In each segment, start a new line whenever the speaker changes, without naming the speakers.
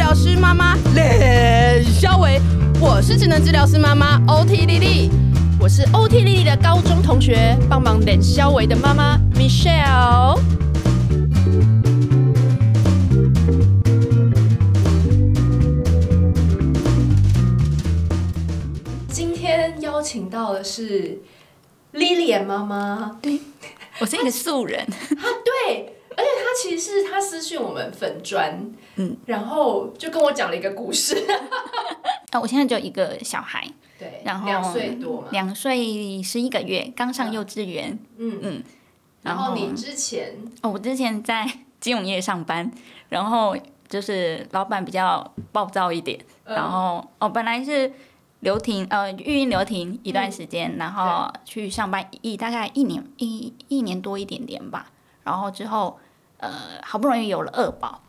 治療師媽媽，梁蕭偉，我是職能治療師媽媽，OT 莉莉，我是 OT 莉莉的高中同學，幫忙梁蕭偉的媽媽 Michelle。今天邀請到的是 Lillian 媽媽，對，我是一個素人 啊，啊對。尤其是他私訊我們粉專。嗯，然後就跟我講了一個故事。
那、 哦、我現在就一個小孩，
對，然後兩
歲多，兩歲十一個月，剛上幼稚園。嗯嗯，然後你之前哦，我之前在金融業上班，然後就是老板比較暴躁一點，然後、嗯、哦，本來是留停呃，育嬰留停一段時間，嗯、然後去上班一大概一年一一年多一點點吧，然後之後。呃，好不容易有了二寶，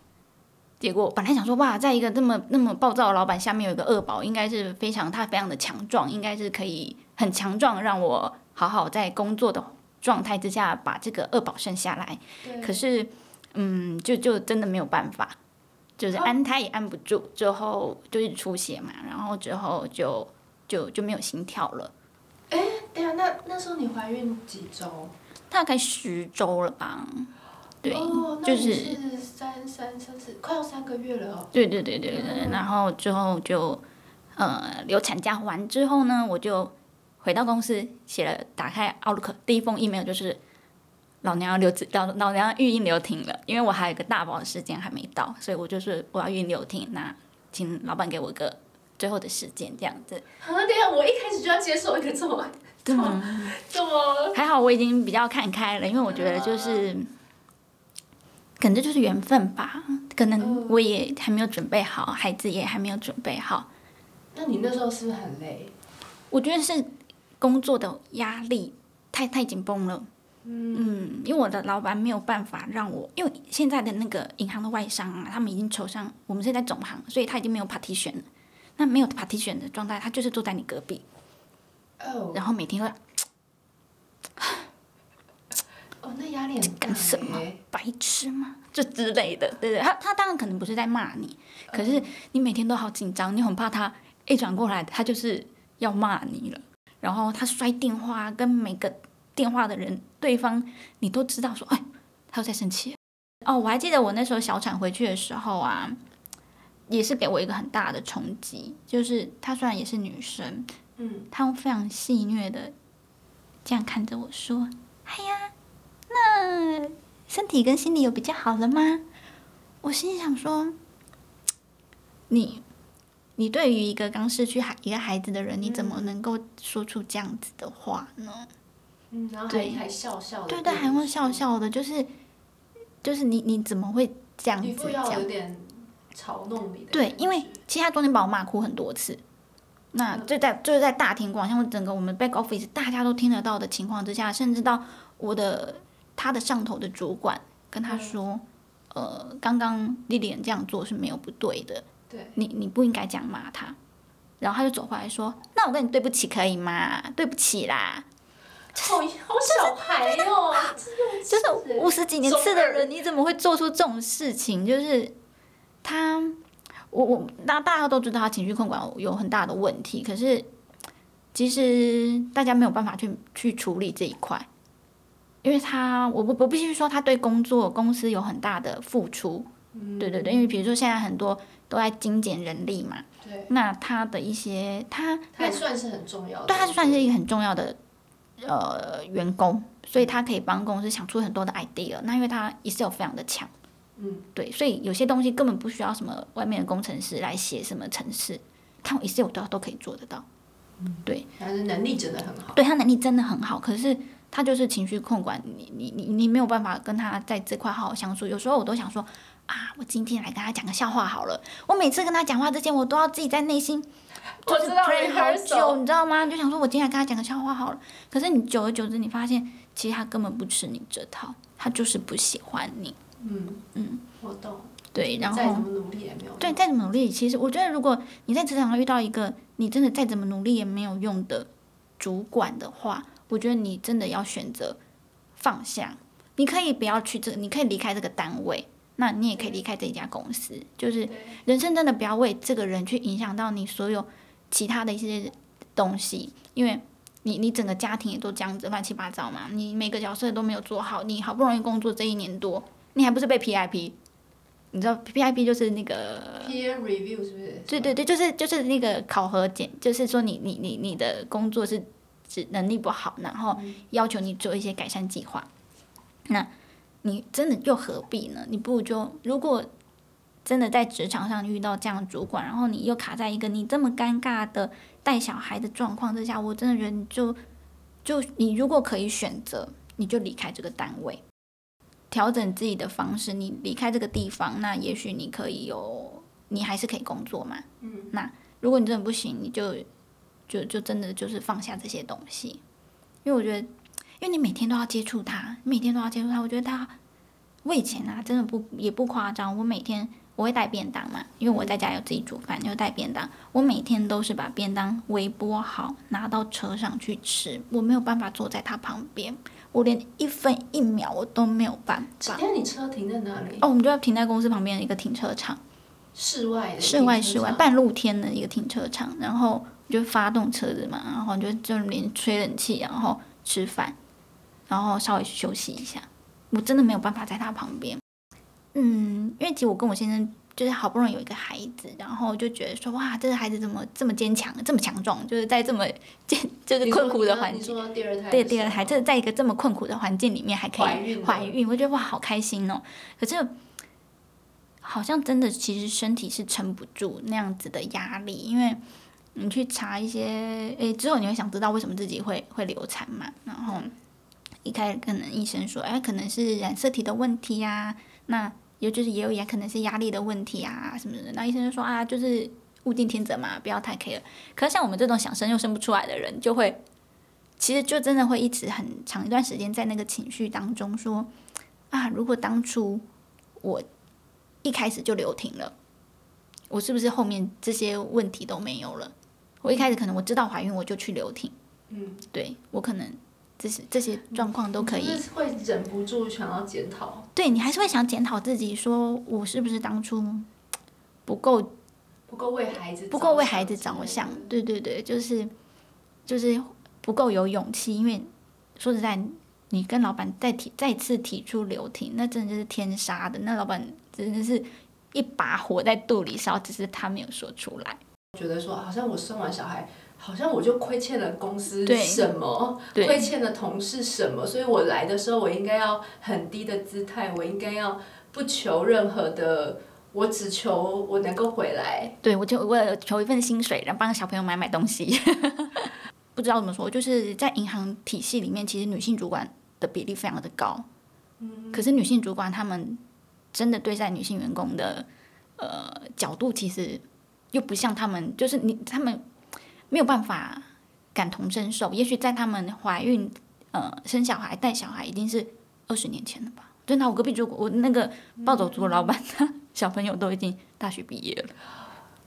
結果本來想說哇，在一個這麼那麼暴躁的老闆下面有一個二寶，應該是非常他非常的強壯，應該是可以很強壯，讓我好好在工作的狀態之下把這個二寶生下來。對可是，嗯，就就真的沒有辦法，就是安胎也安不住，之後就一直出血嘛，然後之後就就就沒有心跳了。
哎、欸，對啊，那那時候你懷孕幾
週？大概十週了吧。對，oh, 就是、是三三
三
四，快要三個月了哦。對對對對對，嗯、然後之後就，呃，流產假完之後呢，我就回到公司寫了，打開 Outlook 第一封 email 就是老娘要留子，子老老娘要育嬰留停了，因為我還有個大寶的時間還沒到，所以我就是我要育嬰留停，那請老板給我一個最後的時間這樣子。
啊對呀，我一開始就要接受一個這麼,
這麼對嗎？這麼還好，我已經比較看開了，因為我覺得就是。嗯可能這就是緣分吧，可能我也還沒有準備好，孩子也還沒有準備好。
那你那時候是不是很累？
我覺得是工作的壓力太太緊繃了。嗯，嗯，因為我的老板沒有辦法讓我，因為現在的那個銀行的外商啊，他們已經抽上我們現在總行，所以他已經沒有 partition 了。那沒有 partition 的狀態，他就是坐在你隔壁，oh. 然後每天都要。壓力在幹什麼？欸、白痴嗎？這之類的，對對，他他當然可能不是在罵你，可是你每天都好緊張，你很怕他一、欸、轉過來，他就是要罵你了。然後他摔電話，跟每個電話的人對方，你都知道說，哎，他又在生氣。哦，我還記得我那時候小產回去的時候啊，也是給我一個很大的衝擊，就是他雖然也是女生，嗯，他用非常戲謔的這樣看着我說：“哎呀。”那身體跟心理有比較好的嗎？嗯、我心裡想說，你，你對於一個剛失去孩一個孩子的人，你怎麼能夠說出這樣子的話呢？嗯，然後
還還笑笑，對對，對對，
還會笑笑的，就是就是你你怎麼會這樣子講？有點
嘲弄
你。對，因為其實他昨天把我罵哭很多次，那就在就是在大庭廣眾，整個我們 back office 大家都聽得到的情況之下，甚至到我的。他的上頭的主管跟他說：“嗯、呃，剛剛莉莉這樣做是沒有不對的，對，你你不應該這樣罵他。”然後他就走回來，說：“那我跟你對不起可以嗎？對不起啦，好好小孩喲、
喔，真的，五十幾年次的人，
你怎麼會做出這種事情？就是他，我我那大家都知道他情緒控管有很大的問題，可是其實大家沒有辦法去去處理這一塊。”因為他，我不，我必須說，他對工作公司有很大的付出，嗯、對對對。因為比如說，現在很多都在精簡人力嘛，對。那他的一些，他，他還算是
很重要對，他
就算是一個很重要的呃員工，所以他可以幫公司想出很多的 idea。那因為他 Excel 非常的強，嗯，對。所以有些東西根本不需要什麼外面的工程師來寫什麼程式，他 Excel 都都可以做得到，嗯，對。他的能力真的很好，對，他能力真的很好，可是。他就是情緒控管，你你你你沒有辦法跟他在這塊好好相處。有時候我都想說，啊，我今天來跟他講個笑話好了。我每次跟他講話之前，我都要自己在內心我知道你很久，你知道嗎？就想說，我今天來跟他講個笑話好了。可是你久而久之，你發現其實他根本不吃你這套，他就是不喜歡你。嗯嗯，嗯我懂。對，然後再怎麼努力也沒有用。對，再怎麼努力，其實我覺得，如果你在職場上遇到一個你真的再怎麼努力也沒有用的主管的話。我覺得你真的要選擇放下，你可以不要去這個，你可以離開這個單位，那你也可以離開這一家公司。就是人生真的不要為這個人去影響到你所有其他的一些東西，因為你你整個家庭也都這樣子亂七八糟嘛，你每個角色都沒有做好，你好不容易工作這一年多，你還不是被 PIP？你知道 PIP 就是那個
peer review
是不是？對對對，就是就是那個考核檢，就是說你你你你的工作是。是能力不好，然後要求你做一些改善計劃。嗯。那，你真的又何必呢？你不如就，如果真的在職場上遇到這樣主管，然後你又卡在一個你這麼尷尬的帶小孩的狀況之下，我真的覺得你就就你如果可以選擇，你就離開這個單位，調整自己的方式，你離開這個地方，那也許你可以有，你還是可以工作嘛。嗯。那如果你真的不行，你就。就就真的就是放下這些東西，因為我覺得，因為你每天都要接觸它，你每天都要接觸它。我覺得它，我以前啊，真的不也不誇張，我每天我會帶便當嘛，因為我在家有自己煮飯，就是、帶便當。我每天都是把便當微波好，拿到車上去吃。我沒有辦法坐在它旁邊，我連一分一秒我都沒有辦法。今天你
車停在
哪裡？哦，我們就要停在公司旁邊的一個停車場，
室外的，室外室
外半露天的一個停車場，然後。就發動車子嘛，然後就就連吹冷氣，然後吃飯，然後稍微休息一下。我真的沒有辦法在他旁邊。嗯，因為其實我跟我先生就是好不容易有一個孩子，然後就覺得說哇，這個孩子怎麼這麼堅強，這麼強壯，就是在這麼艱就是困苦的環
境，哦、對，第二胎，
真的在一個這麼困苦的環境裡面還可以懷孕，懷孕，我覺得哇，好開心哦。可是好像真的，其實身體是撐不住那樣子的壓力，因為。你去查一些，哎、欸，之後你會想知道為什麼自己會會流產嘛。然後一開始可能醫生說，哎、欸，可能是染色體的問題呀，啊，那有就是也有也可能是壓力的問題呀、啊、什麼的。那醫生就說啊，就是物競天擇嘛，不要太 care。可是像我們這種想生又生不出來的人，就會其實就真的會一直很長一段時間在那個情緒當中說，啊，如果當初我一開始就留停了，我是不是後面這些問題都沒有了？我一開始可能我知道懷孕，我就去留停。嗯，對，我可能這些這些狀況都可以。就、嗯、是，是會忍不住想要檢討，對你還是會想檢討自己，說我是不是當初不夠不夠為孩子不夠為孩子着想？嗯、對對對，就是就是不夠有勇氣。因為說實在，你跟老闆再提再次提出留停，那真的就是天殺的，那老闆真的是一把火在肚裡燒，只是他沒有說出來。
覺得說，好像我生完小孩，好像我就虧欠了公司什麼，虧對欠了同事什麼，所以我來的時候，我應該要很低的姿態，我應該要不求任何的，我只求我能夠回來。
對，我就為了求一份薪水，然後幫小朋友買買東西。 不知道怎麼說，就是在銀行體系裡面，其實女性主管的比例非常的高，嗯，可是女性主管她們真的對待女性員工的呃角度，其實。又不像他們，就是你他們沒有辦法感同身受。也許在他們懷孕、呃生小孩、帶小孩，已經是二十年前了吧？對，那我隔壁住，我那個暴走族老闆，嗯、他小朋友都已經大學畢業了。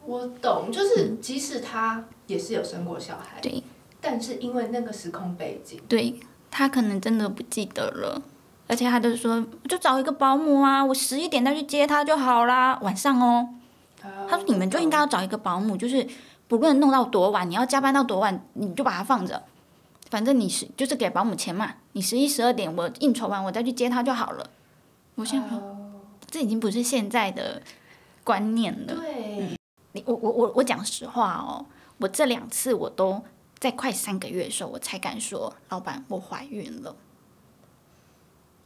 我懂，就是即使他也是有生過小孩，對、嗯，但是因為那
個時空背景，對他可能真的不記得了，而且他就說，就找一個保姆啊，我十一點再去接他就好啦，晚上哦、喔。他說：“你們就應該要找一個保姆，哦、就是不論弄到多晚，你要加班到多晚，你就把它放着，反正你是就是給保姆錢嘛。你十一十二點我應酬完，我再去接他就好了。哦”我現在說，這已經不是現在的觀念了。對，你、嗯、我我我我講實話哦，我這兩次我都在快三個月的時候我才敢說，老闆我懷孕了，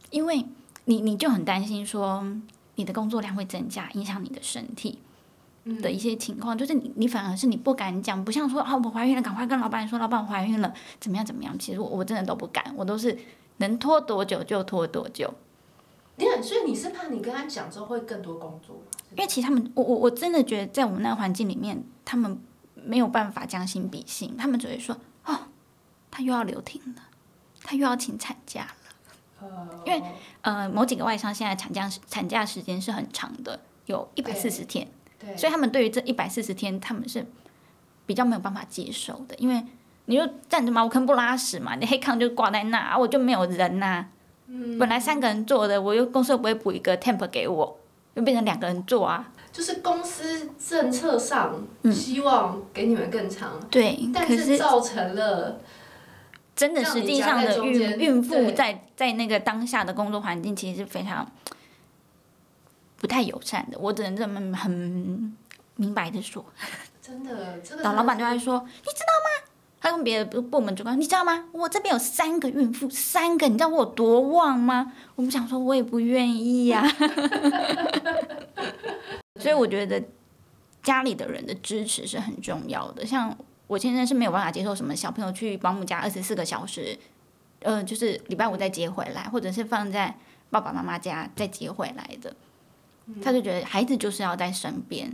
因為你你就很擔心說你的工作量會增加，影響你的身體。的一些情況，就是你你反而是你不敢講，不像說啊我懷孕了，趕快跟老闆說，老闆懷孕了怎麼樣怎麼樣？其實我我真的都不敢，我都是能拖多久就拖多久。
對、嗯，所以你是怕你跟他講之後會更多工作？
因為其實他們，我我我真的覺得在我們那個環境裡面，他們沒有辦法將心比心，他們只會說哦，他又要留停了，他又要請產假
了。
嗯、因為呃某幾個外商現在產假產假時間是很長的，有一百四十天。對所以他們對於這一百四十天，他們是比較沒有辦法接受的，因為你就站着茅坑不拉屎嘛，你 HC 就掛在那，啊，我就沒有人吶，啊。嗯，本來三個人做的，我又公司又不會補一個 temp 給我，又變成兩個人做啊。
就是公司政策
上希望給你們更長，嗯，對，是但是造成了真的實際上的孕對孕婦在在那個當下的工作環境其實是非常。不太友善的，我只能這麼很明白的說。真
的，真的老老板就會說，
你知道嗎？他跟別的部門主管，你知道嗎？我這邊有三個孕婦，三個，你知道我有多旺嗎？我不想說，我也不願意呀，啊。 所以我覺得家裡的人的支持是很重要的。像我現在是沒有辦法接受什麼小朋友去保姆家二十四個小時，呃，就是禮拜五再接回來，或者是放在爸爸媽媽家再接回來的。他就覺得孩子就是要在身邊，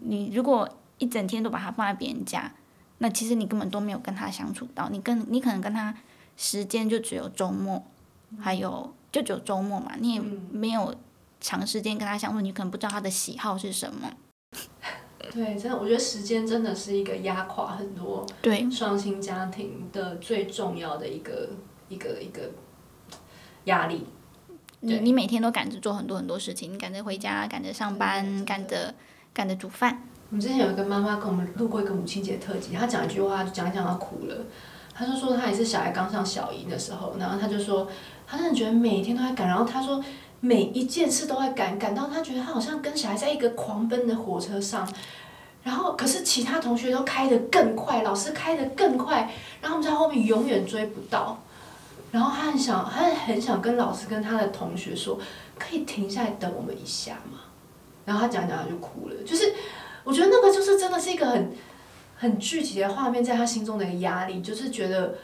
你如果一整天都把他放在別人家，那其實你根本都沒有跟他相處到，你跟你可能跟他時間就只有周末，還有就只有周末嘛，你也沒有長時間跟他相處，你可能不知道他的喜好是什麼。
對，真的，我覺得時間真的是一個壓垮很多對雙薪家庭的最重要的一個一個一個壓力。
你對你每天都趕着做很多很多事情，你趕着回家，趕着上班，趕着趕着煮飯。我們之前有一個
媽媽跟我們錄過一個母親節特輯，她講一句話，講一講她哭了。她就說，她也是小孩剛上小一的時候，然後她就說，她真的覺得每天都在趕，然後她說每一件事都在趕，趕到她覺得她好像跟小孩在一個狂奔的火車上，然後可是其他同學都開得更快，老師開得更快，然後我們在後面永遠追不到。然後他很想，他很想跟老師跟他的同學說，可以停下來等我們一下嗎？然後他講講他就哭了，就是我覺得那個就是真的是一個很很具體的畫面，在他心中的一個壓力，就是覺得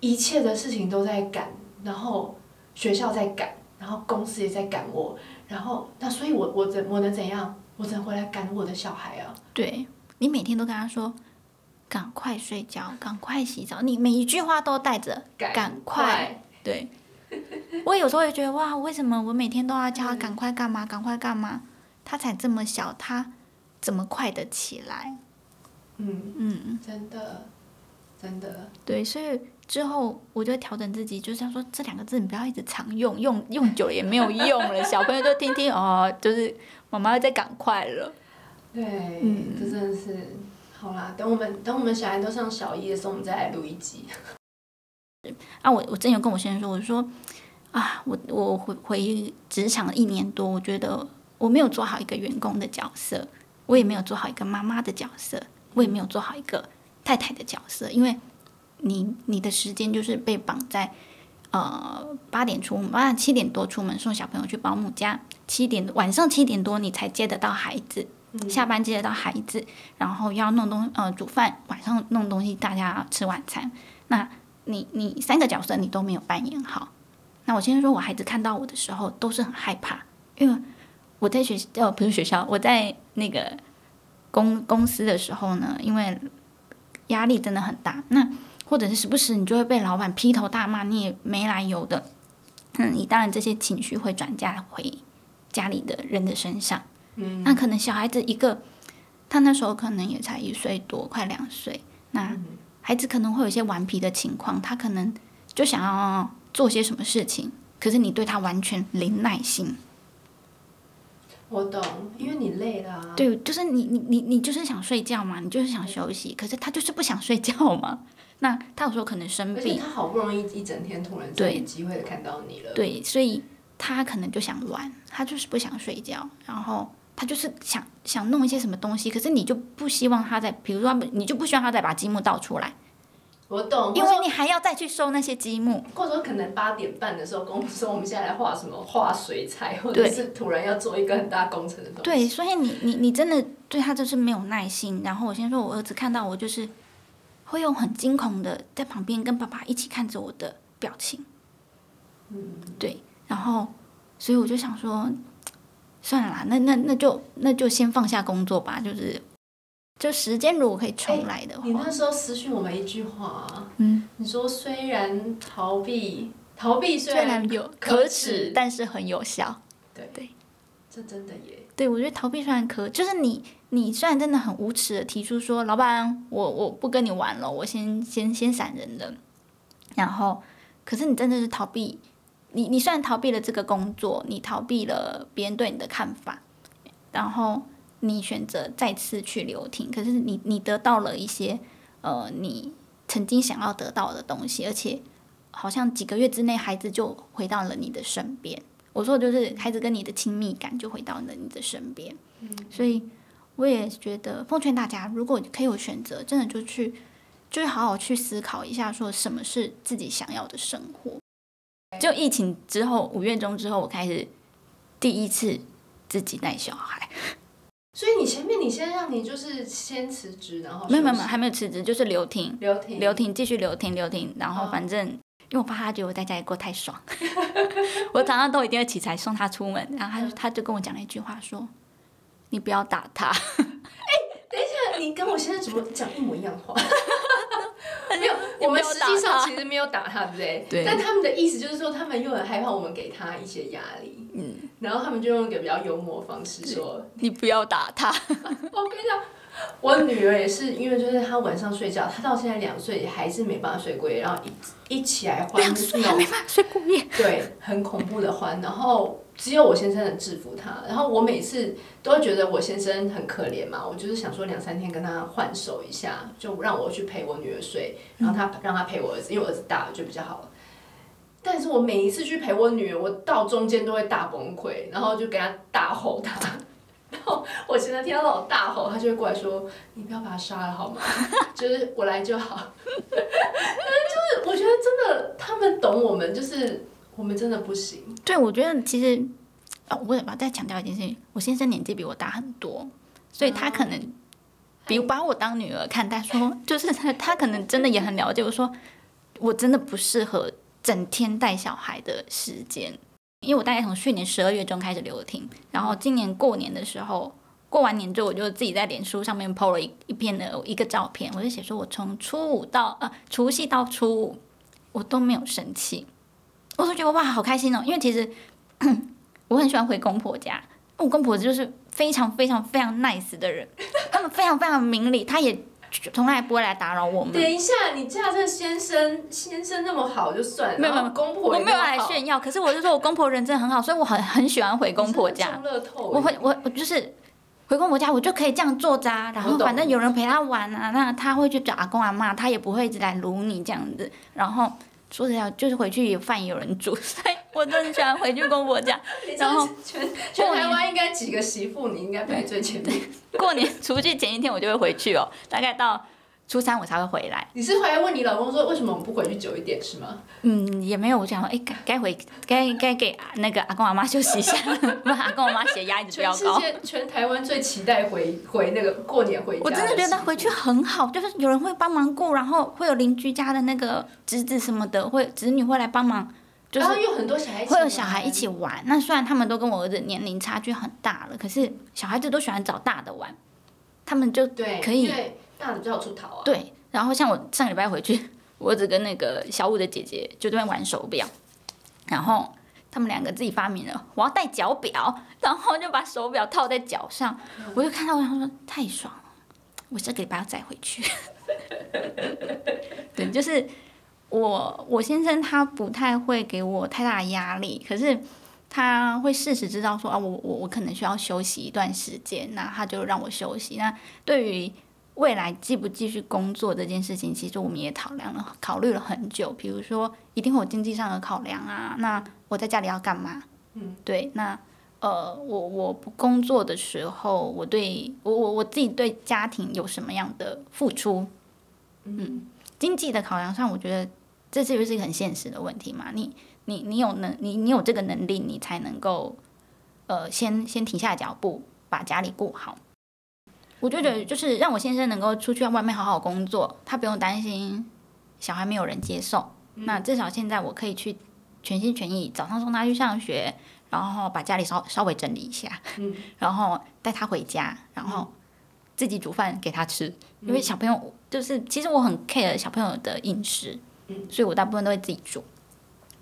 一切的事情都在趕，然後學校在趕，然後公司也在趕我，然後那所以我，我我怎我能怎樣？我只能回來趕我的小孩啊？
對，你每天都跟他說。趕快睡覺，趕快洗澡。你每一句話都帶着“趕快”，快對 我有時候也覺得哇，為什麼我每天都要叫他趕快幹嘛？趕、嗯、快幹嘛？他才這麼小，他怎麼快得起來？嗯嗯，嗯
真的，真的，
對。所以之後我就調整自己，就是說這兩個字你不要一直常用，用用久了也沒有用了。 小朋友就聽聽哦，就是媽媽在趕快了。對，嗯，
這真的是。好啦，等我們等我們小
孩，都上小一的時候，我們再來錄一集。啊，我我真有跟我先生說，我說啊，我我回回職場一年多，我覺得我沒有做好一個員工的角色，我也沒有做好一個媽媽的角色，我也沒有做好一個太太的角色，因為你你的時間就是被綁在呃八點出，晚上七點多出門送小朋友去保姆家，七點晚上七點多你才接得到孩子。下班接得到孩子，然後要弄東呃煮飯，晚上弄東西大家要吃晚餐。那你你三個角色你都沒有扮演好。那我先說，我孩子看到我的時候都是很害怕，因為我在學呃不是學校，我在那個公公司的時候呢，因為壓力真的很大。那或者是時不時你就會被老板劈頭大罵，你也沒來由的，那你當然這些情緒會轉嫁回家裡的人的身上。嗯，那可能小孩子一個，他那時候可能也才一歲多，快兩歲。那孩子可能會有一些頑皮的情況，他可能就想要做些什麼事情，可是你對他完全零耐心。
我懂，因為你累了。
對，就是你你你你就是想睡覺嘛，你就是想休息，對可是他就是不想睡覺嘛。那他有時候可能生病，他
好不容易一整天突然有機會看到你了。對，對，
所以。他可能就想玩，他就是不想睡覺，然後他就是想想弄一些什麼東西。可是你就不希望他在，比如說你就不希望他再把積木倒出來，
我懂，我因為你還要再去收那些積木，或者說可能八點半的時候，跟我說我們現在來畫什麼，畫水彩，或者是突然要
做一個很大工程的東西。對，所以你你你真的對他就是沒有耐心。然後我先說我兒子看到我就是會用很驚恐的在旁邊跟爸爸一起看着我的表情，嗯，對。然後，所以我就想說，算了啦，那那那就那就先放下工作吧，就是，就時間如果可以重來的話，
欸、你那時候私訊我們一句話，嗯，你說雖然逃避逃避雖然有可恥，可恥，
但是很有效，對對，對這真的耶，對我覺得逃避雖然可，就是你你雖然真的很無恥的提出說，老闆我我不跟你玩了，我先先先閃人了，然後，可是你真的是逃避。你你雖然逃避了這個工作，你逃避了別人對你的看法，然後你選擇再次去留停，可是你你得到了一些，呃，你曾經想要得到的東西，而且好像幾個月之內孩子就回到了你的身邊。我說的就是孩子跟你的親密感就回到了你的身邊，所以我也覺得奉勸大家，如果可以有選擇，真的就去，就好好去思考一下，說什麼是自己想要的生活。就疫情之後，五月中之後，我開始第一次自己帶小孩。
所以你前面，你先讓你就是先辭職，然後沒有沒有還
沒有辭職，就是留停留停留停繼續留停留停，然後反正、哦、因為我怕他覺得我在家裡過太爽， 我早上都一定會起床送他出門，然後他就他就跟我講了一句話說：“你不要打他。 ”哎、欸，
等一下，你跟我現在怎麼講一模一樣的話。 沒有，沒有我們實際上其實沒有打他，對不對？對。但他們的意思就是說，他們又很害怕我們給他一些壓力。嗯。然後他們就用一個比較幽默的方式說：“你不要打他。 ”我跟你講，我女兒也是，因為就是她晚上睡覺，她到現在兩歲還是沒辦法睡過夜，然後一一起來歡，睡對，很恐怖的歡。 然後。只有我先生能制服他，然後我每次都會覺得我先生很可憐嘛，我就是想說兩三天跟他換手一下，就讓我去陪我女兒睡，然後他讓他陪我兒子，因為我兒子大了就比較好。但是我每一次去陪我女兒，我到中間都會大崩潰，然後就給他大吼他，然後我先生聽到老大吼，他就會過來說：“你不要把他殺了好嗎？”就是我來就好，但是就是我覺得真的，他們懂我們就是。我
們真的不行。對，我覺得其實啊、哦，我要再強調一件事情，我先生年紀比我大很多，所以他可能後比如把我當女兒看待，哎、說就是他他可能真的也很了解我。哎、我說我真的不適合整天帶小孩的時間，因為我大概從去年十二月中開始留的停，然後今年過年的時候，過完年之後我就自己在臉書上面 po 了一一篇的一個照片，我就寫說，我從初五到呃、啊、除夕到初五，我都沒有生氣。我都覺得哇，好開心哦、喔！因為其實我很喜歡回公婆家，我公婆就是非常非常非常 nice 的人， 他們非常非常明理，他也從來不會來打擾我們。等一下，
你嫁這個先生，先生那麼好就算了。沒有沒有，公婆我沒有來炫
耀，可是我就說我公婆人真的很好，所以我很很喜歡回公婆家，我回我我就是回公婆家，我就可以這樣坐著，然後反正有人陪他玩啊，懂那他會去找阿公阿媽，他也不會一直來盧你這樣子，然後。說實話就是回去飯也有人煮，哎，我真的喜歡回去公婆家。然後全全台灣應該幾個媳婦，你應該排最前面。過年除夕前一天我就會回去哦，大概到。初三我才會回來。你是回來問你老公說，為什麼我們不回去久一點，是嗎？嗯，也沒有。我想說，哎、欸，該該回，該該給那個阿公阿媽休息一下。
阿公阿媽血壓一直飆高。全台灣最期待回回那個過年回家。我真的覺得
回去很好，就是有人會幫忙顧，然後會有鄰居家的那個侄子什麼的，會侄女會來幫忙，就
是。然後有很多小孩。會
有小孩一起玩。啊、起玩那雖然他們都跟我兒子年齡差距很大了，可是小孩子都喜歡找大的玩，他們就可以對。對最好出逃、啊、對，然後像我上禮拜回去，我只跟那個小五的姐姐就在玩手錶，然後他們兩個自己發明了，我要戴腳錶，然後就把手錶套在腳上，我就看到，我想說太爽了！我下個禮拜要再回去。 對，就是我我先生他不太會給我太大壓力，可是他會適時知道說啊，我我我可能需要休息一段時間，那他就讓我休息。那對於未來繼不繼續工作這件事情，其實我們也考量了，考慮了很久。比如說，一定會有經濟上的考量啊。那我在家裡要幹嘛？嗯，對。那呃，我我不工作的時候，我對我我我自己對家庭有什麼樣的付出？嗯，嗯，經濟的考量上，我覺得這是不是一個很現實的問題嘛？你你你有能，你你有這個能力，你才能夠呃，先先停下腳步，把家裡顧好。我就覺得，就是讓我先生能夠出去外面好好工作，他不用擔心小孩沒有人接送。嗯、那至少現在我可以去全心全意早上送他去上學，然後把家裡稍稍微整理一下，嗯、然後帶他回家，然後自己煮飯給他吃。嗯、因為小朋友就是其實我很 care 小朋友的飲食，所以我大部分都會自己煮。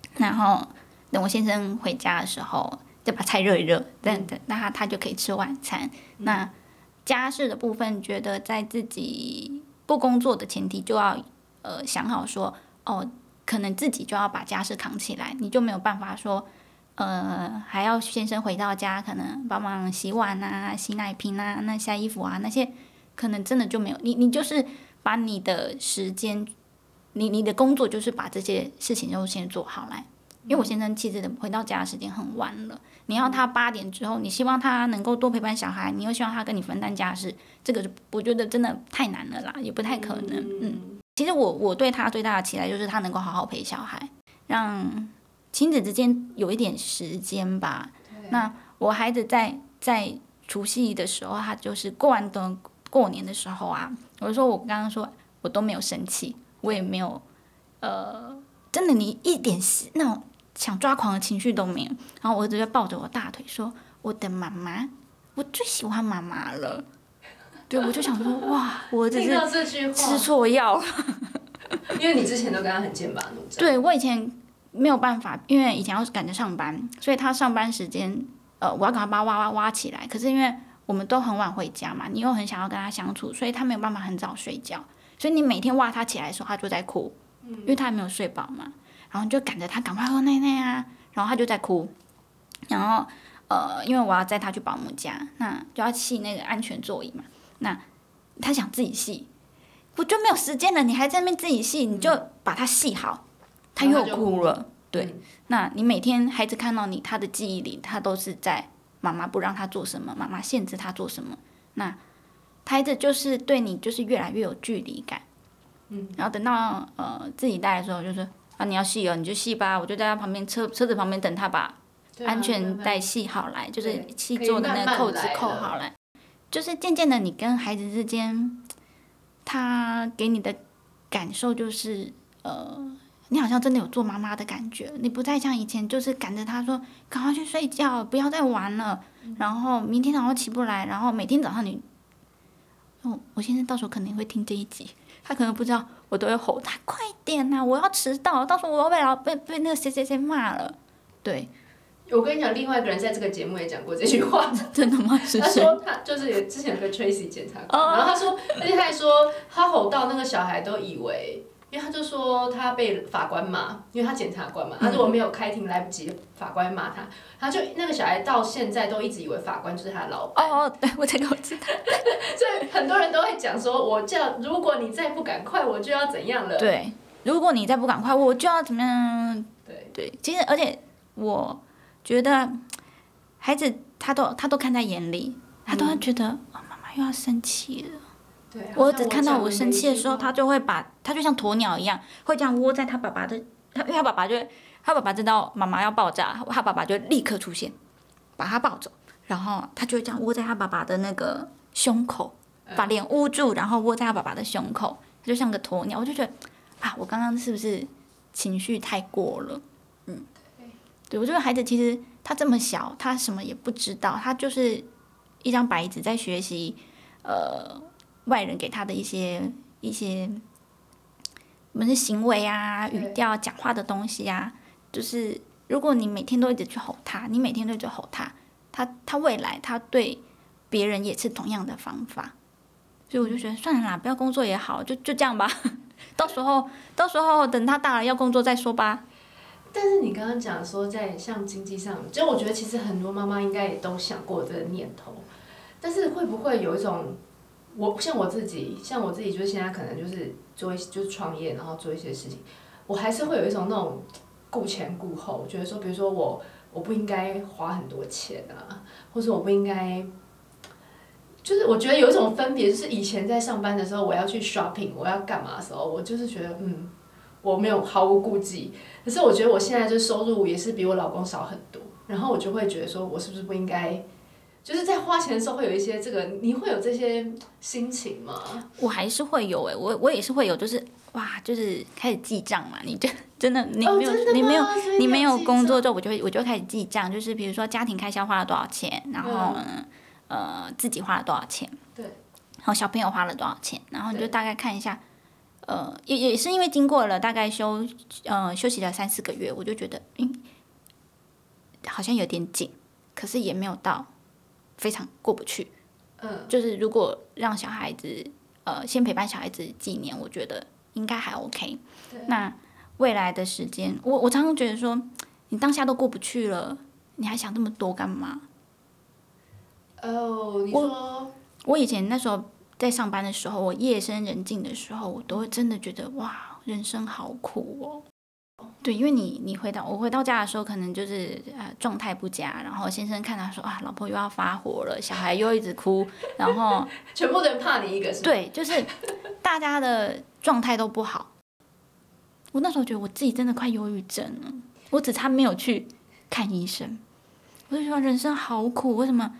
嗯、然後等我先生回家的時候，再把菜熱一熱，嗯、等等，那他他就可以吃晚餐。那，嗯家事的部分，覺得在自己不工作的前提，就要呃想好說，哦，可能自己就要把家事扛起來，你就沒有辦法說，呃，還要先生回到家，可能幫忙洗碗啊、洗奶瓶啊、那洗衣服啊那些，可能真的就沒有，你你就是把你的時間，你你的工作就是把這些事情就先做好來。因為我先生其實回到家的時間很晚了，你要他八點之後，你希望他能夠多陪伴小孩，你又希望他跟你分擔家事，這個我覺得真的太難了啦，也不太可能。嗯，嗯其實我我對他最大的期待就是他能夠好好陪小孩，讓親子之間有一點時間吧。對那我孩子在在除夕的時候，啊，他就是過完的過年的時候啊，我就說我剛剛說我都沒有生氣，我也沒有，呃，真的你一點那種。No 想抓狂的情緒都沒有，然後我兒子就抱着我大腿說：“我的媽媽，我最喜歡媽媽了。” 對，我就想說：“哇！”我只是聽到這句話，吃錯藥了。因為你之前都跟他很劍拔弩張？對，我以前沒有辦法，因為以前要趕着上班，所以他上班時間，呃，我要趕快把他挖挖挖起來。可是因為我們都很晚回家嘛，你又很想要跟他相處，所以他沒有辦法很早睡覺。所以你每天挖他起來的時候，他就在哭，因為他還沒有睡飽嘛。嗯然後就趕着他趕快喝奶奶啊，然後他就在哭，然後呃，因為我要載他去保姆家，那就要繫那個安全座椅嘛，那他想自己繫，不就沒有時間了，你還在那邊自己繫，你就把它繫好，嗯、他又哭了，哭了對，嗯、那你每天孩子看到你，他的記憶裡他都是在媽媽不讓他做什麼，媽媽限制他做什麼，那他孩子就是對你就是越來越有距離感，嗯，然後等到呃自己帶的時候就是。啊、你要繫哦，你就繫吧，我就在他旁邊車車子旁邊等他把安全帶繫好來，啊、就是繫座的那個扣子扣好來慢慢來了。就是漸漸的，你跟孩子之間，他給你的感受就是，呃，你好像真的有做媽媽的感覺，你不再像以前就是趕着他說趕快去睡覺，不要再玩了，嗯、然後明天早上起不來，然後每天早上你，哦，我現在到時候肯定會聽這一集。他可能不知道，我都會吼他，他快點吶、啊，我要遲到，到時候我要被老被被那個誰誰誰罵了。對，
我跟你講，另外一個人在這個節目也講過這句話，
真的嗎？是是，他說
他就是也之前被 Tracy 檢查過， 然後他說， 而且他還說他吼到那個小孩都以為。因為他就說他被法官罵，因為他檢察官嘛，他說我沒有開庭來不及，法官罵他，嗯、他就那個小孩到現在都一直以為法官就是他老闆。哦哦，對，我這個我知道。 所以很多人都會講說，我叫如果你再不趕快，我就要怎樣了。對，
如果你再不趕快，我就要怎麼樣？對對，其實而且我覺得孩子他都他都看在眼裡，他都會覺得，嗯哦、媽媽又要生氣了。對我兒子看到我生氣的時候，對他，他就會把他就像鴕鳥一樣，嗯、會這樣窩在他爸爸的，他因為他爸爸就會，他爸爸知道媽媽要爆炸，他爸爸就立刻出現，對把他抱走，然後他就會這樣窩在他爸爸的那個胸口，嗯、把臉捂住，然後窩在他爸爸的胸口，他就像個鴕鳥。我就覺得啊，我剛剛是不是情緒太過了？嗯，對，對我覺得孩子其實他這麼小，他什麼也不知道，他就是一張白紙在學習，呃。外人給他的一些一些，什麼行為啊、語調、啊、講話的東西啊。就是如果你每天都一直去吼他，你每天都去吼他，他他未來他對別人也是同樣的方法，所以我就覺得算了啦，不要工作也好，就就這樣吧。 到時候到時候等他大了要工作再說吧。
但是你剛剛講說在像經濟上，就我覺得其實很多媽媽應該也都想過這個念頭，但是會不會有一種？我像我自己，像我自己，就是現在可能就是做一些，就是創業，然後做一些事情，我還是會有一種那種顧前顧後，我覺得說，比如說我我不應該花很多錢啊，或是我不應該，就是我覺得有一種分別，就是以前在上班的時候，我要去 shopping，我要幹嘛的時候，我就是覺得嗯，我沒有毫無顧忌，可是我覺得我現在就收入也是比我老公少很多，然後我就會覺得說，我是不是不應該？就是在
花錢的時候會有一些這個，你會有這些心情嗎？我還是會有誒、欸，我我也是會有，就是哇，就是開始記賬嘛。你真真的你沒有你沒有你沒有工作之後，我就會我，我就開始記賬，就是比如說家庭開銷花了多少錢，然後對呃自己花了多少錢，
對，
然後小朋友花了多少錢，然後你就大概看一下。對呃，也也是因為經過了大概休呃休息了三四個月，我就覺得嗯好像有點緊，可是也沒有到。非常過不去，嗯，就是如果讓小孩子，呃，先陪伴小孩子幾年，我覺得應該還 OK。對那未來的時間，我我常常覺得說，你當下都過不去了，你還想這麼多幹嘛？
哦，你說我，
我以前那時候在上班的時候，我夜深人靜的時候，我都會真的覺得，哇，人生好苦哦。對，因為你你回到我回到家的時候，可能就是呃狀態不佳，然後先生看他說啊，老婆又要發火了，小孩又一直哭，然後 全部人怕你一個，對， 就是大家的狀態都不好。我那時候覺得我自己真的快憂鬱症了，我只差沒有去看醫生。我就說人生好苦，為什麼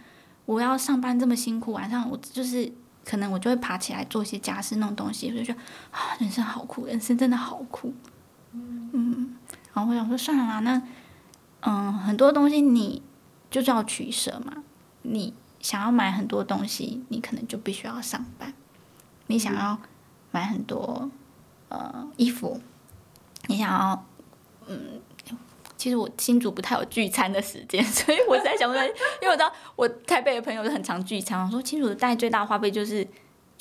我要上班這麼辛苦？晚上我就是可能我就會爬起來做一些家事那種東西，我就覺得啊，人生好苦，人生真的好苦。嗯，然後我想說，算了啦，那，嗯、呃，很多東西你就是要取捨嘛。你想要買很多東西，你可能就必須要上班。你想要買很多，呃，衣服。你想要，嗯，其實我新竹不太有聚餐的時間，所以我在想說， 因為我知道我台北的朋友都很常聚餐，我說新竹大概最大的花費就是。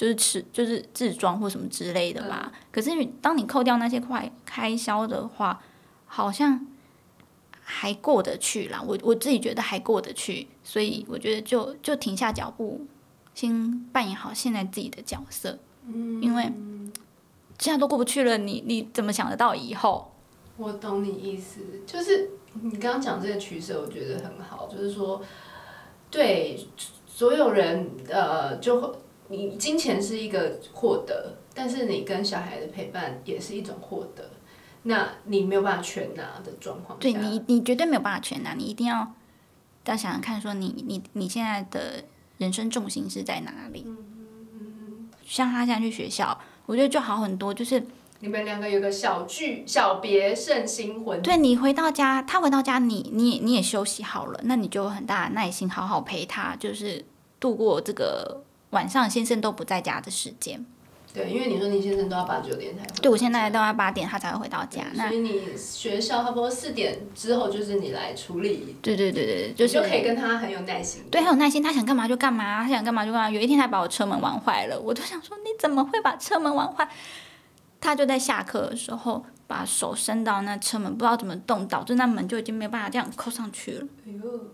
就是吃，就是自裝或什麼之類的吧。嗯，可是，當你扣掉那些快開銷的話，好像還過得去啦。我我自己覺得還過得去，所以我覺得就就停下腳步，先扮演好現在自己的角色。嗯，因為現在都過不去了，你你怎麼想得到以後？
我懂你意思，就是你剛剛講這個取舍，我覺得很好，就是說對所有人呃就會。你金錢是一個獲得，但是你跟小孩的陪伴也是一種獲得。那你沒有辦法全拿的狀況對
你，你絕對沒有辦法全拿，你一定要大家想想看，說你你你現在的人生重心是在哪裡？嗯嗯、像他現在去學校，我覺得就好很多。就是
你們兩個有個小聚，小別勝新婚。對
你回到家，他回到家，你你也你也休息好了，那你就很大的耐心，好好陪他，就是度過這個。晚上先生都不在家的時間，對，因為你說你
先生都要八九點
才，對我現在大概都要八點他才會回到家。對那所以你
學校差不多四點之後就是你來處理。
對對對對，就是、就可以跟他很有耐心。對，很有耐心，他想幹嘛就幹嘛，他想幹嘛就幹嘛。有一天他把我車門玩壞了，我就想說你怎麼會把車門玩壞？他就在下課的時候把手伸到那車門，不知道怎麼動，導致那門就已經沒有辦法這樣扣上去了。哎
呦！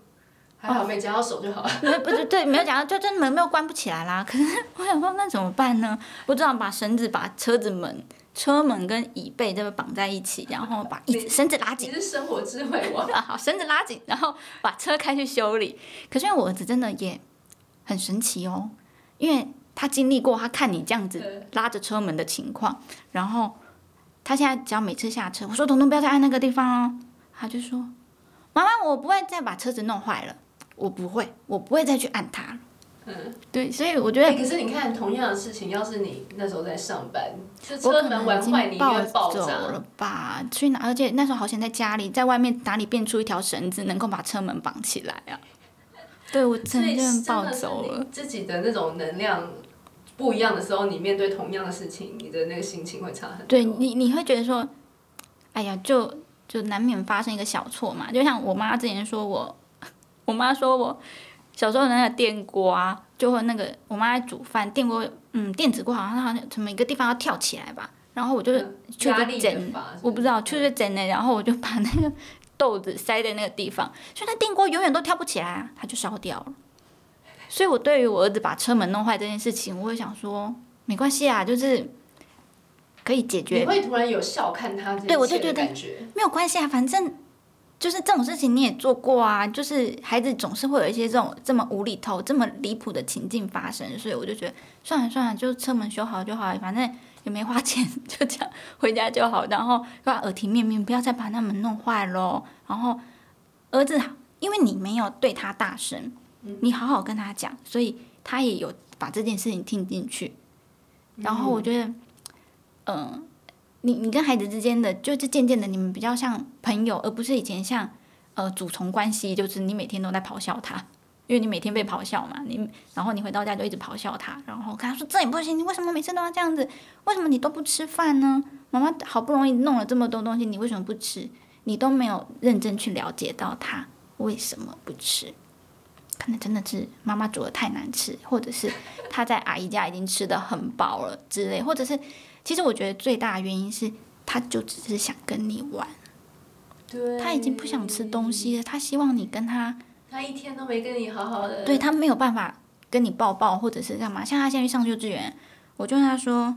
還好、哦、沒夾
到手就好了。 對，不是，對，沒有夾到，就真的門沒有關不起來啦。可是我想說，那怎麼辦呢？我只好把繩子把車子門、車門跟椅背這個綁在一起，然後把椅子，你繩子拉緊。是生活智慧嗎？我好，繩子拉緊，然後把車開去修理。可是因為我兒子真的也很神奇哦，因為他經歷過，他看你這樣子拉着車門的情況，然後他現在只要每次下車，我說：“彤彤，不要再按那個地方哦。”他就說：“媽媽，我不會再把車子弄壞了。”我不會，我不會再去按它。嗯，對，所以我覺得、欸。可是你看，同樣的
事情，要是你那時候在上班，車門玩壞，你越暴走了
吧？去哪？而且那時候好像在家裡，在外面哪裡變出一條繩子，嗯、能夠把車門綁起來啊？嗯、對，我承認，真的，暴走了
自己的那種能量不一樣的時候，你面對同樣的事情，你的那個心情會差很多。對
你，你會覺得說，哎呀，就就難免發生一個小錯嘛。就像我媽之前說我。我媽說，我小時候那個電鍋啊，就會那個，我媽在煮飯，電鍋，嗯，電子鍋好像好像從每一個地方要跳起來吧，然後我就去哪裡整，裡是不是我不知道，去哪裡整呢，然後我就把那個豆子塞在那個地方，所以它電鍋永遠都跳不起來啊，它就燒掉了。所以，我對於我兒子把車門弄壞這件事情，我會想說，沒關係啊，就是可以解決。你會突然有
笑看他這感，對我就覺得
沒有關係啊，反正。就是這種事情你也做過啊，就是孩子總是會有一些這種這麼無厘頭、這麼離譜的情境發生，所以我就覺得算了算了，就車門修好就好，反正也沒花錢，就這樣回家就好。然後讓他耳提面命，不要再把那門弄壞了。然後兒子，因為你沒有對他大聲，你好好跟他講，所以他也有把這件事情聽進去。
然後我覺
得，嗯。呃你你跟孩子之間的就是漸漸的，你們比較像朋友，而不是以前像呃主從關係。就是你每天都在咆哮他，因為你每天被咆哮嘛。你然後你回到家就一直咆哮他，然後跟他說這也不行，你為什麼每次都要這樣子？為什麼你都不吃飯呢？媽媽好不容易弄了這麼多東西，你為什麼不吃？你都沒有認真去了解到他為什麼不吃，可能真的是媽媽煮得太難吃，或者是他在阿姨家已經吃得很飽了之類，或者是。其實我覺得最大原因是，他就只是想跟你玩。對。他已經不想吃東西了，他希望你跟他。他一天都沒跟你好好的。對，他沒有辦法跟你抱抱，或者是幹嘛？像他現在去上幼稚園，我就問他說：“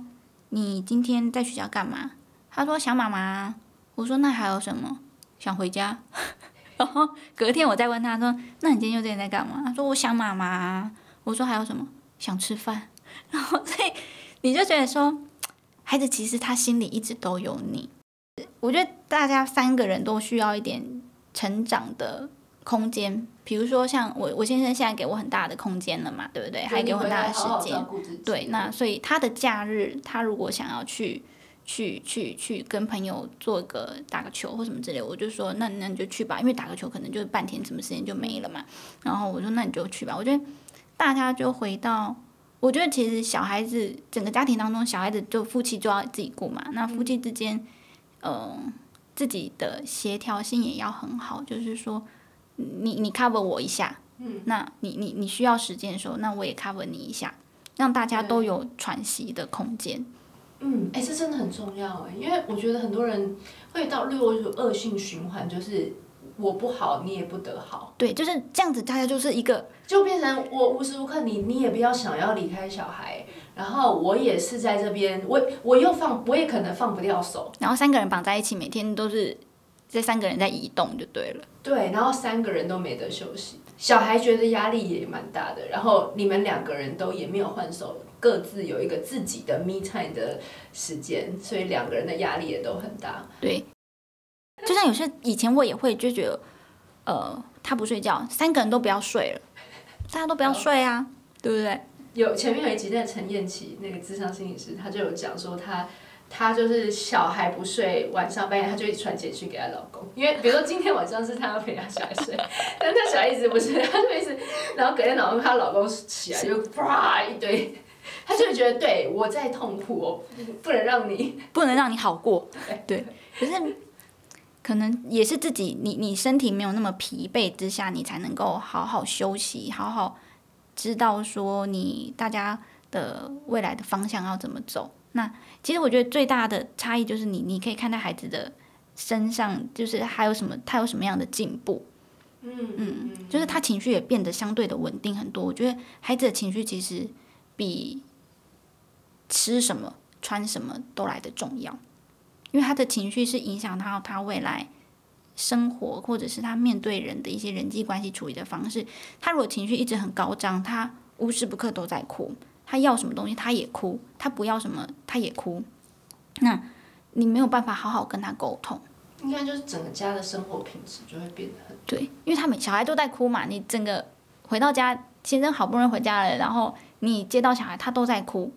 你今天在學校幹嘛？”他說：“想媽媽。”我說：“那還有什麼？想回家。 ”然後隔天我再問他說：“那你今天又在幹嘛？”他說：“我想媽媽。”我說：“還有什麼？想吃飯。”然後所以你就覺得說。孩子其實他心裡一直都有你，我覺得大家三個人都需要一點成長的空間。比如說像我，我先生現在給我很大的空間了嘛，對不對？還給我很大的時間。對，那所以他的假日，他如果想要去去去去跟朋友做個打個球或什麼之類，我就說那那你就去吧，因為打個球可能就是半天，什麼時間就沒了嘛。然後我說那你就去吧，我覺得大家就回到。我覺得其實小孩子，整個家庭當中，小孩子就夫妻就要自己顧嘛。那夫妻之間，嗯、呃，自己的協調性也要很好。就是說，你你 cover 我一下，嗯，那你你你需要時間的時候，那我也 cover 你一下，讓大家都有喘息的空間。嗯，哎、欸，這真的很
重要哎、欸，因為我覺得很多人會到落入惡性循環，就是。我不好，你也不得好，
對，就是這樣子，大家就是一
個，就變成我無時無刻你，你也不要想要離開小孩，然後我也是在這邊，我我又放，我也可能放不掉手，
然後三個人綁在一起，每天都是這三個人在移動就對了，
對，然後三個人都沒得休息，
小孩覺
得壓力也蠻大的，然後你們兩個人都也沒有換手，各自有一個自己的 me time 的時間，所以兩個人的壓力也都很大，
對。就像有些以前我也會就覺得，呃，他不睡覺，三個人都不要睡了，大家都不要睡啊，哦、對不對？有前面有一集
的彥，在陳彥琪那個諮商心理師，她就有講說她，她就是小孩不睡，晚上半夜她就一直傳簡訊給她老公，因為比如說今天晚上是她要陪她小孩睡， 但她小孩一直不睡，她就一直，然後隔天早上她老公起來就啪一堆，她是就會覺得對我在痛苦，哦，不能讓你
不能讓你好過，對，對對對可是。可能也是自己，你你身體沒有那麼疲憊之下，你才能夠好好休息，好好知道說你大家的未來的方向要怎麼走。那其實我覺得最大的差異就是你，你可以看到孩子的身上就是還有什麼，他有什麼樣的進步。嗯，嗯，就是他情緒也變得相對的穩定很多。我覺得孩子的情緒其實比吃什麼穿什麼都來得重要。因為他的情緒是影響到他未來生活，或者是他面對人的一些人際關係處理的方式。他如果情緒一直很高漲，他無時不刻都在哭，他要什麼東西他也哭，他不要什麼他也哭。那，你沒有辦法好好跟他溝通，
應該就是整個家的生活品質就會變得
很……對，因為他們小孩都在哭嘛，你整個回到家，先生好不容易回家了，然後你接到小孩，他都在哭。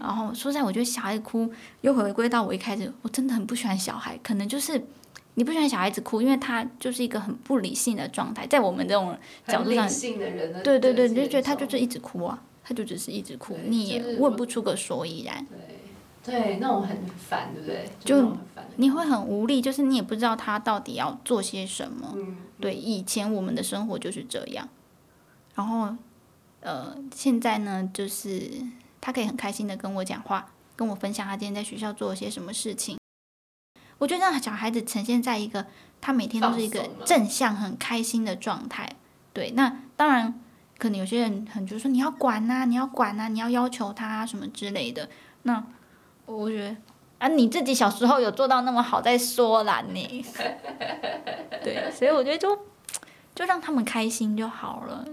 然後說實在，我覺得小孩哭又回歸到我一開始，我真的很不喜歡小孩。可能就是你不喜歡小孩子哭，因為他就是一個很不理性的狀態，在我們這種角度上，對對對，你就覺得他就是一直哭啊，他就只是一直哭，你也問不出個所以然。對，那我很
煩，對不對？就
你會很無力，就是你也不知道他到底要做些什麼。對，以前我們的生活就是這樣。然後，呃，現在呢，就是。他可以很開心地跟我講話，跟我分享他今天在學校做了些什麼事情。我覺得讓小孩子呈現在一個他每天都是一個正向、很開心的狀態。對，那當然，可能有些人很就是說你要管吶，你要管吶、啊啊，你要要求他、啊、什麼之類的。那我覺得，啊，你自己小時候有做到那麼好再說啦，你。 對，所以我覺得就就讓他們開心就好了。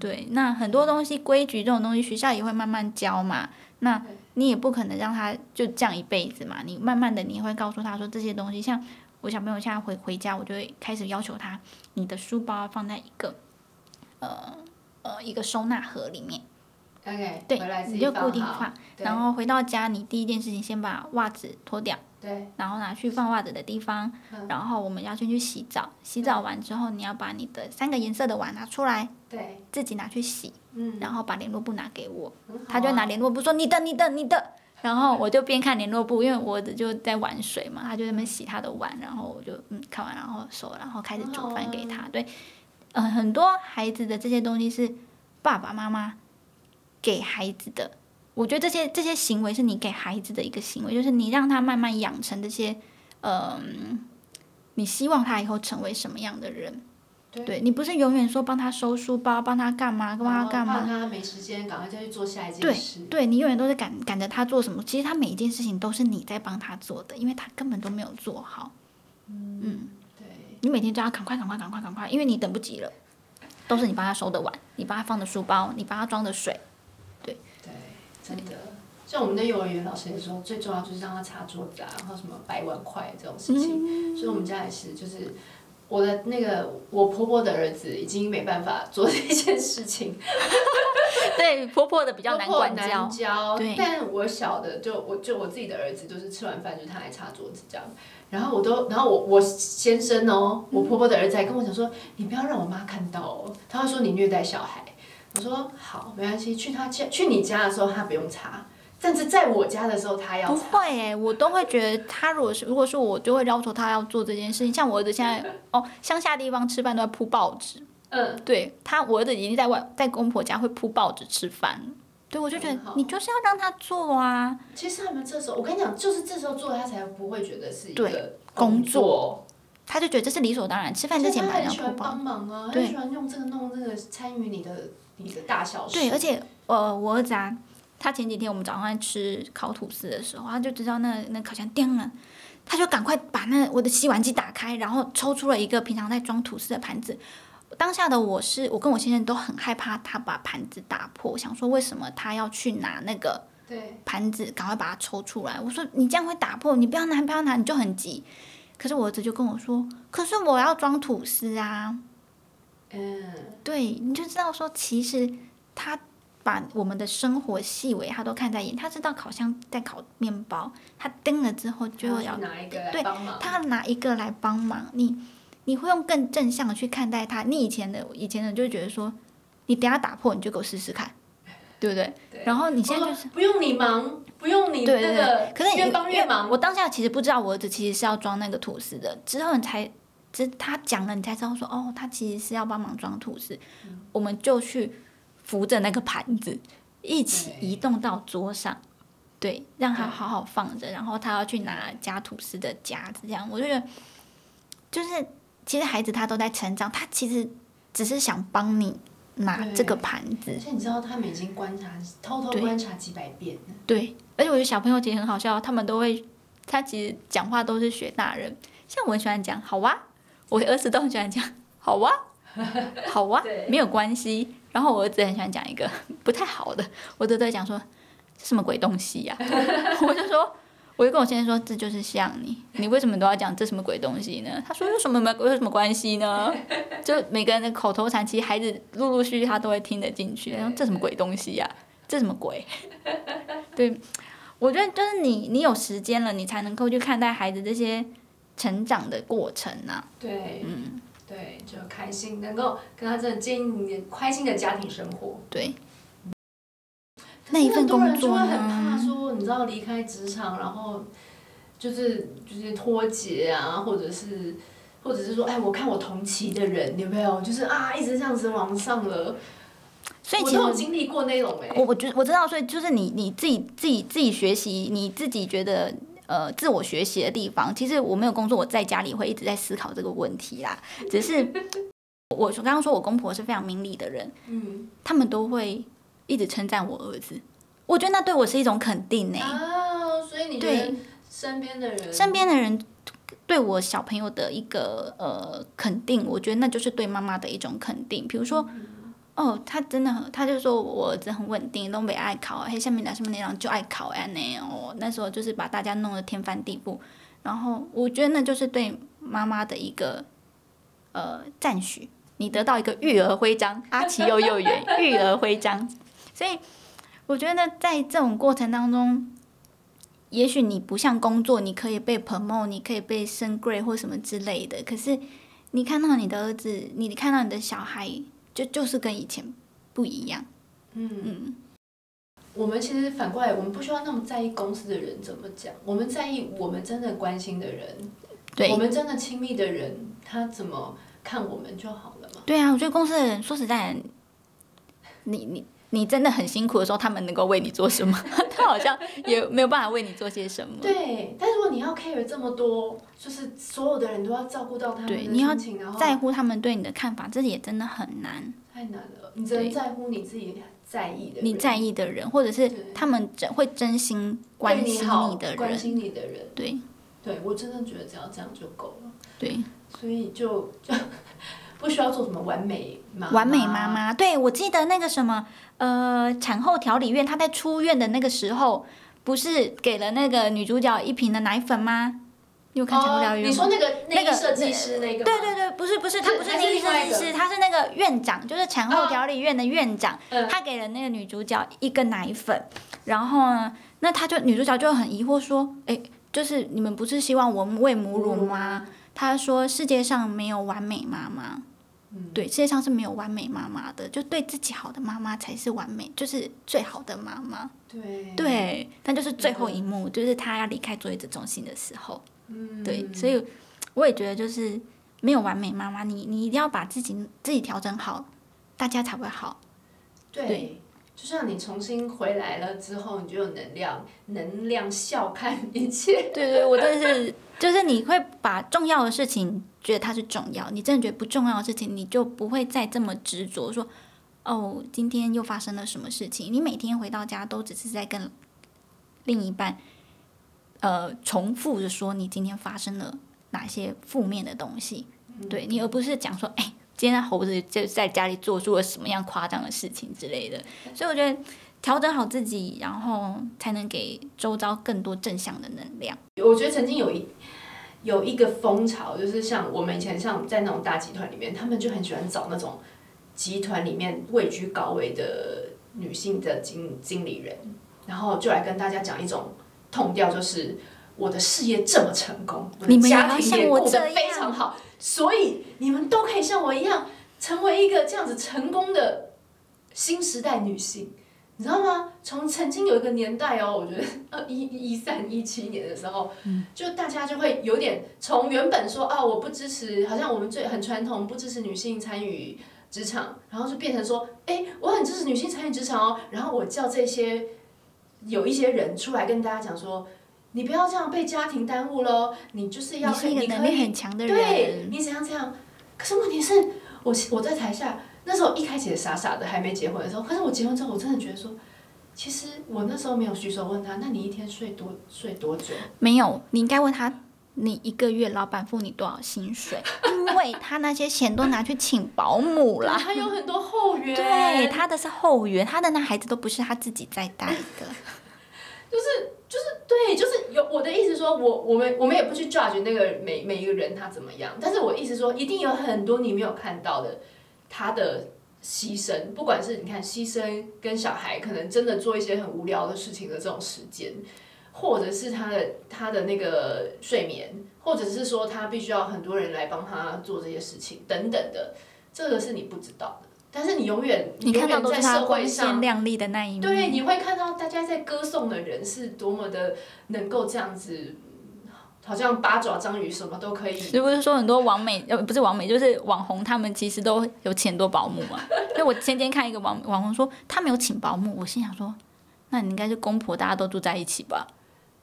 對，那很多東西規矩這種東西，學校也會慢慢教嘛。那你也不可能讓他就這樣一輩子嘛，你慢慢的你會告訴他說這些東西，像我小朋友現在回回家，我就會開始要求他，你的書包放在一個，呃呃一個收納盒裡面。對，你就固定放，然後回到家你第一件事情先把襪子脫掉，然後拿去放襪子的地方，然後我們要先去洗澡，洗澡完之後你要把你的三個顏色的碗拿出來，自己拿去洗，然後把聯絡簿拿給我，他就拿聯絡簿說你的你的你的，然後我就邊看聯絡簿，因為我就在玩水嘛，他就那邊洗他的碗，然後我就嗯看完然後手，然後開始煮飯給他，對，嗯很多孩子的這些東西是爸爸媽媽。給孩子的，我覺得這些這些行為是你給孩子的一個行為，就是你讓他慢慢養成這些，呃，你希望他以後成為什麼樣的人？對，對，你不是永遠說幫他收書包，幫他幹嘛，幫他幹嘛？他沒時間，趕快就
去做下一件事。對，
對你永遠都是趕趕着他做什麼，其實他每一件事情都是你在幫他做的，因為他根本都沒有做好。嗯，對。你每天就要趕快趕快趕快趕快，因為你等不及了。都是你幫他收的碗，你幫他放的書包，你幫他裝的水。對的，像我們的幼兒園老
師也說，最重要就是讓他擦桌子啊，然後什麼擺碗筷這種事情。嗯、所以我們家也是，就是我的那個我婆婆的兒子已經沒辦法做這件事情。嗯、
對，婆婆的比較難管教，
婆婆對但我小的就我就我自己的兒子，就是吃完飯就他來擦桌子這樣。然後我都，然後我我先生哦，我婆婆的兒子還跟我講說，嗯、你不要讓我媽看到哦，他會說你虐待小孩。我說好，沒關係。去他家、去你家的時候，他不用擦，但是在我家的時候，他要。
不會哎、欸，我都會覺得，他如果是，如果是我，就會要求他要做這件事情。像我兒子現在， 哦，鄉下地方吃飯都要鋪報紙。嗯。對他，我兒子已經在外，在公婆家會鋪報紙吃飯。對，我就覺得你就是要讓他做啊。嗯、
其實他們這時候，我跟你講，就是這時候做，他才不會覺得是
一個工作，工作。他就覺得這是理所當然。吃飯之前然，他很喜歡幫
忙啊，對很喜歡用這個弄這個，參與你的。你的大小事對，而且
呃，我兒子啊，他前幾天我們早上在吃烤吐司的時候，他就知道那那烤箱叮了，他就趕快把那我的洗碗機打開，然後抽出了一個平常在裝吐司的盤子。當下的我是我跟我先生都很害怕他把盤子打破，我想說為什麼他要去拿那個盤子，趕快把它抽出來。我說你這樣會打破，你不要拿不要拿，你就很急。可是我兒子就跟我說，可是我要裝吐司啊。嗯，對，你就知道說，其實他把我們的生活細微，他都看在眼裡。他知道烤箱在烤麵包，他盯了之後就要，一個對，他拿一個來幫忙。你，你會用更正向的去看待他。你以前的，以前的就覺得說，你等下打破你就給我試試看，對不對？對，然後你現在就是、哦、不用你忙，不用你那個，對對對，可是你越幫越忙。我當下其實不知道我兒子其實是要裝那個吐司的，之後你才。這他講了，你才知道說哦，他其實是要幫忙裝吐司，嗯、我們就去扶着那個盤子，一起移動到桌上，對，對，讓他好好放着，然後他要去拿夾吐司的夾子，這樣我就覺得，就是其實孩子他都在成長，他其實只是想幫你拿這個盤子，而且
你知道他們已經觀察，嗯、偷偷觀察幾百遍
了，對，而且我覺得小朋友其實很好笑，他們都會，他其實講話都是學大人，像我很喜歡講，好哇、啊。我兒子都很喜歡講，好哇、啊，好哇、啊，對沒有關係。然後我兒子很喜歡講一個不太好的，我都在講說，這什麼鬼東西呀、啊？ 我就說，我就跟我先生說，這就是像你，你為什麼都要講這什麼鬼東西呢？他說有什麼沒有什麼關係呢？就每個人的口頭禪，其實孩子陸陸續續他都會聽得進去。然後這什麼鬼東西呀、啊？這什麼鬼？對，我覺得就是你，你有時間了，你才能夠去看待孩子這些。成長的過程吶、啊，
對，嗯，對，就開心，能夠跟他真的建立開心的家庭生活，
對。可是那一份工作，很多人就會很怕說，你
知道，離開職場，然後就是就是脫節啊，或者是或者是說，哎，我看我同期的人你有沒有，就是啊，一直這樣子往上了。
所以其實我都有經歷過那種哎、欸。我我覺我知道，所以就是你你自己自己自己學習，你自己覺得。呃，自我學習的地方，其實我沒有工作，我在家裡會一直在思考這個問題啦。只是 我剛剛說，我公婆是非常明理的人，嗯，他們都會一直稱讚我兒子，我覺得那對我是一種肯定呢、欸。啊，
所以你對身邊的人，身邊的
人對我小朋友的一個呃肯定，我覺得那就是對媽媽的一種肯定。比如說。嗯哦，他真的很，他就說我兒子很穩定，東北愛考，嘿，下面哪什麼那樣就愛考，哎呢哦，那時候就是把大家弄得天翻地覆，然後我覺得那就是對媽媽的一個呃讚許，你得到一個育兒徽章，阿奇幼幼園育兒徽章，所以我覺得在這種過程當中，也許你不像工作，你可以被 promote，你可以被升 grade 或什麼之類的，可是你看到你的兒子，你看到你的小孩。就就是跟以前不一樣，嗯，
嗯，我們其實反過來，我們不需要那麼在意公司的人怎麼講，我們在意我們真的關心的人，
對，我們真
的親密的人，他怎麼看我們就好了
嘛。對啊，我覺得公司的人說實在，你你。你真的很辛苦的時候，他們能夠為你做什麼？ 他好像也沒有辦法為你做些什麼。對，
但是如果你要 care 這麼多，就是所有的人都要照顧到他們的心情，對你要在乎
他們對你的看法，後這也真的很難。太難了，
你只能在乎你自己在意的人，對你
在意的人，或者是他們只會真心關心，對關心你的人。關心你的人，對。
對我真的覺得只要這樣就夠了。對，所以就。就不需要做什麼完美
媽媽完美媽媽，對，我記得那個什麼，呃，產後調理院，她在出院的那個時候，不是給了那個女主角一瓶的奶粉嗎？你有看產後調理院？哦？你說那個那個設計師那個？對對對，不是不是，她是不是設計師，她是，是那個院長，就是產後調理院的院長，哦，他給了那個女主角一個奶粉。嗯、然後呢，那他就女主角就很疑惑說：“哎，欸，就是你們不是希望我們餵母乳嗎？”他說：“世界上沒有完美媽媽，嗯、對，世界上是沒有完美媽媽的，就對自己好的媽媽才是完美，就是最好的媽媽。對”對，但就是最後一幕，有就是他要離開作業治療中心的時候，嗯、對，所以我也覺得就是沒有完美媽媽，你你一定要把自己自己調整好，大家才會好。對。對
就像你重新回來了之後，你就有能量，能
量笑看一切。 對對，我但，就是就是你會把重要的事情覺得它是重要，你真的覺得不重要的事情，你就不會再這麼執着說，哦，今天又發生了什麼事情？你每天回到家都只是在跟另一半，呃，重複着說你今天發生了哪些負面的東西，嗯、對你，而不是講說，哎。今天猴子就在家裡做出了什麼樣誇張的事情之類的，所以我覺得調整好自己，然後才能給周遭更多正向的能量。
我覺得曾經有一有一個風潮，就是像我們以前像在那種大集團裡面，他們就很喜歡找那種集團裡面位居高位的女性的經經理人，然後就來跟大家講一種痛調，就是我的事業這麼成功，我的家庭也過得非常好。所以你們都可以像我一樣，成為一個這樣子成功的新時代女性，你知道嗎？從曾經有一個年代哦，我覺得二一一三一七年的時候，就大家就會有點從原本說啊我不支持，好像我們最很傳統不支持女性參與職場，然後就變成說，哎，我很支持女性參與職場哦。然後我叫這些有一些人出來跟大家講說。你不要這樣被家庭耽誤嘍！你就是要，是一個能力很強的人。對，你怎樣這樣？可是問題是，我我在台下那時候一開始傻傻的，還沒結婚的時候。可是我結婚之後，我真的覺得說，其實我那時候沒有舉手問他，那你一天睡多睡多久？
沒有，你應該問他，你一個月老板付你多少薪水？ 因為他那些錢都拿去請保姆了，他
有很多後援。 對，他
的是後援，他的那孩子都不是他自己在帶的。
就是就是對，就是有我的意思說我，我我們我們也不去 judge 那個每每一個人他怎麼樣，但是我意思說，一定有很多你沒有看到的他的犧牲，不管是你看犧牲跟小孩，可能真的做一些很無聊的事情的這種時間，或者是他的他的那個睡眠，或者是說他必須要很多人來幫他做這些事情等等的，這個是你不知道的。但是你永遠，你永遠在社會上，你看到都是他光鮮亮
麗的那一面。對，你
會看到大家在歌頌的人是多麼的能夠這樣子，好像八爪章魚什麼都可以。是
不是說很多網美呃，不是網美，就是網紅，他們其實都有請很多保姆嘛。因為 我天天看一個網網紅說他沒有請保姆，我心想說，那你應該是公婆大家都住在一起吧。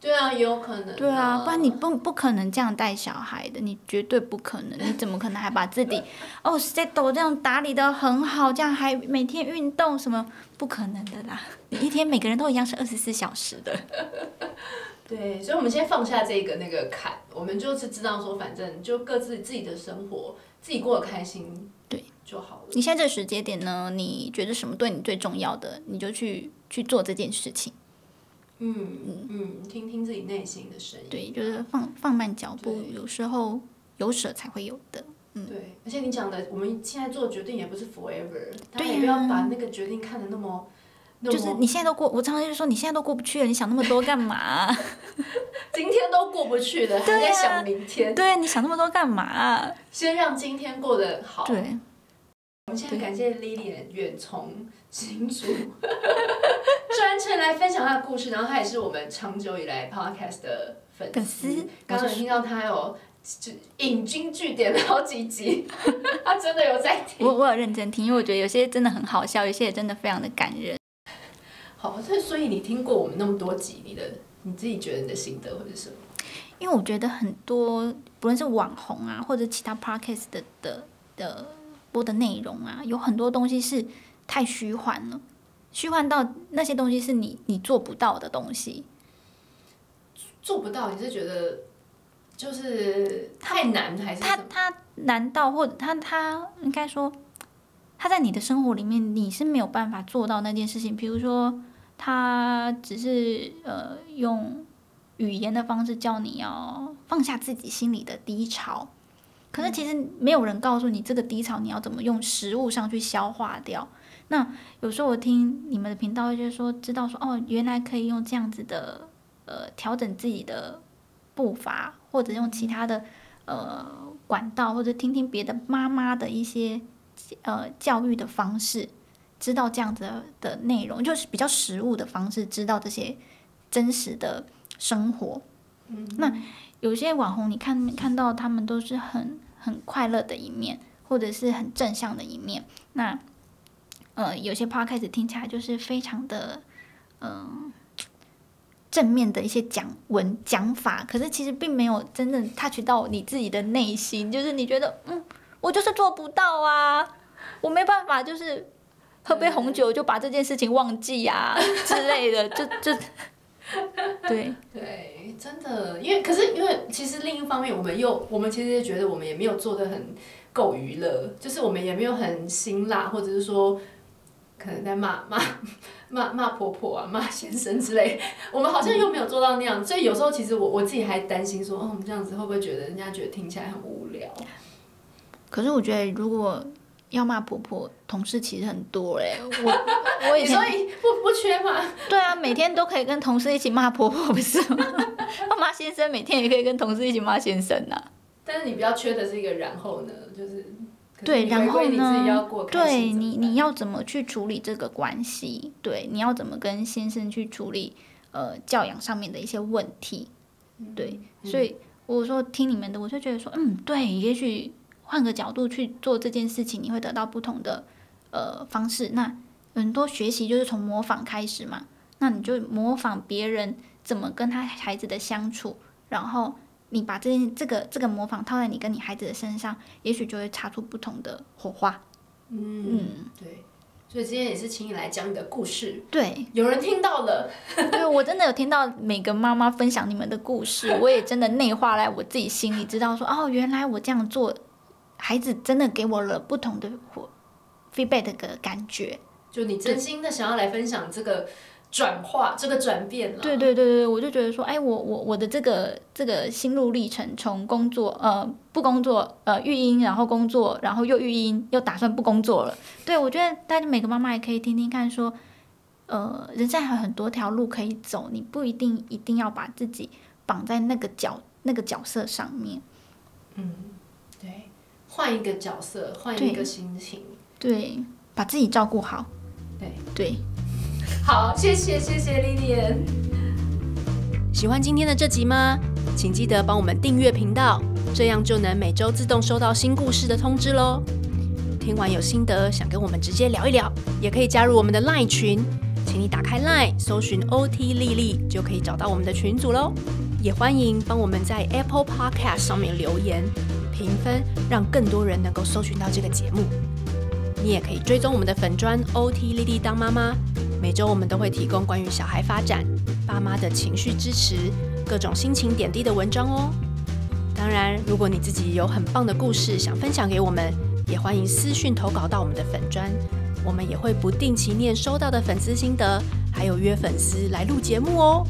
對啊，也有可能。對啊，不然你不不可能這樣帶小孩的，你絕對不可能。你怎麼可能還把自己 哦，是 schedule 這樣打理得很好，這樣還每天運動什麼？不可能的啦！一天每個人都一樣是二十四小時的。
對，所以，我們先放下這個那個坎，我們就是知道說，反正就各自自己的生活，自己過得開心，對，就好
了。你現在這個時間點呢，你覺得什麼對你最重要的，你就去去做這件事情。
嗯嗯嗯，聽聽自己內心的聲音，啊。
對，就是放放慢腳步，對有時候有捨才會有得。嗯，
對。而且你講的，我們現在做決定也不是 forever，啊。對，不要把那個決定看得那麼……那麼
就是你現在都過，我常常就說你現在都過不去了，你想那麼多幹嘛？
今天都過不去了，啊、還在想明天？
對，你想那麼多幹嘛？
先讓今天過得好。對。非常對感謝 Lillian 遠從新竹專程來分享他的故事，然後他也是我們長久以來 Podcast 的粉絲。剛剛有聽到他有引經、嗯、據典好幾集，
他真的有在聽。我我有認真聽，因為我覺得有些真的很好笑，有些也真的非常的感人。
好，這所以你聽過我們那麼多集，你的你自己覺得你的心得或者
什麼？因為我覺得很多不論是網紅啊，或者其他 Podcast 的的的。的的多的內容啊，有很多東西是太虛幻了，虛幻到那些東西是你你做不到的東西。
做不到，你是覺得就是太難還是他？
他他難道，或者他他應該說，他在你的生活裡面，你是沒有辦法做到那件事情。比如說，他只是呃用語言的方式叫你要放下自己心裡的低潮。可是其實沒有人告訴你這個低潮你要怎麼用食物上去消化掉。那有時候我聽你們的頻道，就是說知道說哦，原來可以用這樣子的呃調整自己的步伐，或者用其他的呃管道，或者聽聽別的媽媽的一些呃教育的方式，知道這樣子的內容，就是比較實物的方式，知道這些真實的生活。嗯。那有些網紅你看，看到他們都是很。很快樂的一面，或者是很正向的一面。那，呃，有些 podcast 聽起來就是非常的，嗯、呃，正面的一些講文講法，可是其實並沒有真正 touch 到你自己的內心，就是你覺得，嗯，我就是做不到啊，我沒辦法，就是喝杯紅酒就把這件事情忘記啊 之類的，就就。對
對，真的，因為可是因為其實另一方面，我們又我們其實覺得我們也沒有做得很夠娛樂，就是我們也沒有很辛辣，或者是說可能在罵罵罵罵婆婆啊、罵先生之類，我們好像又沒有做到那樣，嗯、所以有時候其實我我自己還擔心說，嗯、哦，這樣子會不會覺得人家覺得聽起來很無聊？
可是我覺得如果。要罵婆婆同事其實很多哎、欸，我我以前所以 不不缺嘛。 對啊，每天都可以跟同事一起罵婆婆，不是嗎？罵 先生每天也可以跟同事一起罵先生吶、啊。但是
你比較缺的是一個然後呢，就是對，然後呢，你自己要過，
對你要對你，你要怎麼去處理這個關係？對，你要怎麼跟先生去處理呃教養上面的一些問題？對，嗯、所以我說、嗯、聽你們的，我就覺得說嗯，對，也許。換個角度去做這件事情，你會得到不同的呃方式。那很多學習就是從模仿開始嘛，那你就模仿別人怎麼跟他孩子的相處，然後你把這件這個這個模仿套在你跟你孩子的身上，也許就會擦出不同的火花。
嗯，嗯，對。所以今天也是請你來講你的故事。
對，有人聽到了。 對，我真的有聽到每個媽媽分享你們的故事，我也真的內化來我自己心裡，知道說哦，原來我這樣做。孩子真的給我了不同的 feedback 的感覺，
就你真心的想要來分享這個轉化、嗯、這個轉變了。
對對對對對，我就覺得說，哎、欸，我我我的這個這個心路歷程，從工作呃不工作呃育嬰，然後工作，然後又育嬰，又打算不工作了。對，我覺得大家每個媽媽也可以聽聽看說，說呃，人生還有很多條路可以走，你不一定一定要把自己綁在那個角那個角色上面。嗯。
換一個角色，
換一個心情，對，對把自己照顧好，對對，對
好，謝謝謝謝莉莉。喜歡今天的這集嗎？請記得幫我們訂閱頻道，這樣就能每周自動收到新故事的通知嘍。聽完有心得想跟我們直接聊一聊，也可以加入我們的 LINE 群，請你打開 LINE 搜尋 OT 莉莉，就可以找到我們的群組嘍。也歡迎幫我們在 Apple Podcast 上面留言。評分，讓更多人能夠搜尋到這個節目。你也可以追蹤我們的粉專 OT 莉莉當媽媽，每周我們都會提供關於小孩發展、爸媽的情緒支持、各種心情點滴的文章哦。當然，如果你自己有很棒的故事想分享給我們，也歡迎私訊投稿到我們的粉專，我們也會不定期念收到的粉絲心得，還有約粉絲來錄節目哦。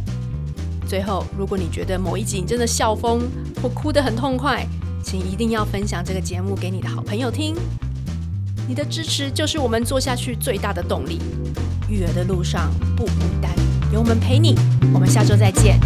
最後，如果你覺得某一集你真的笑瘋或哭得很痛快，請一定要分享這個節目給你的好朋友聽，你的支持就是我們做下去最大的動力。育兒的路上不孤單，有我們陪你。我們下周再見。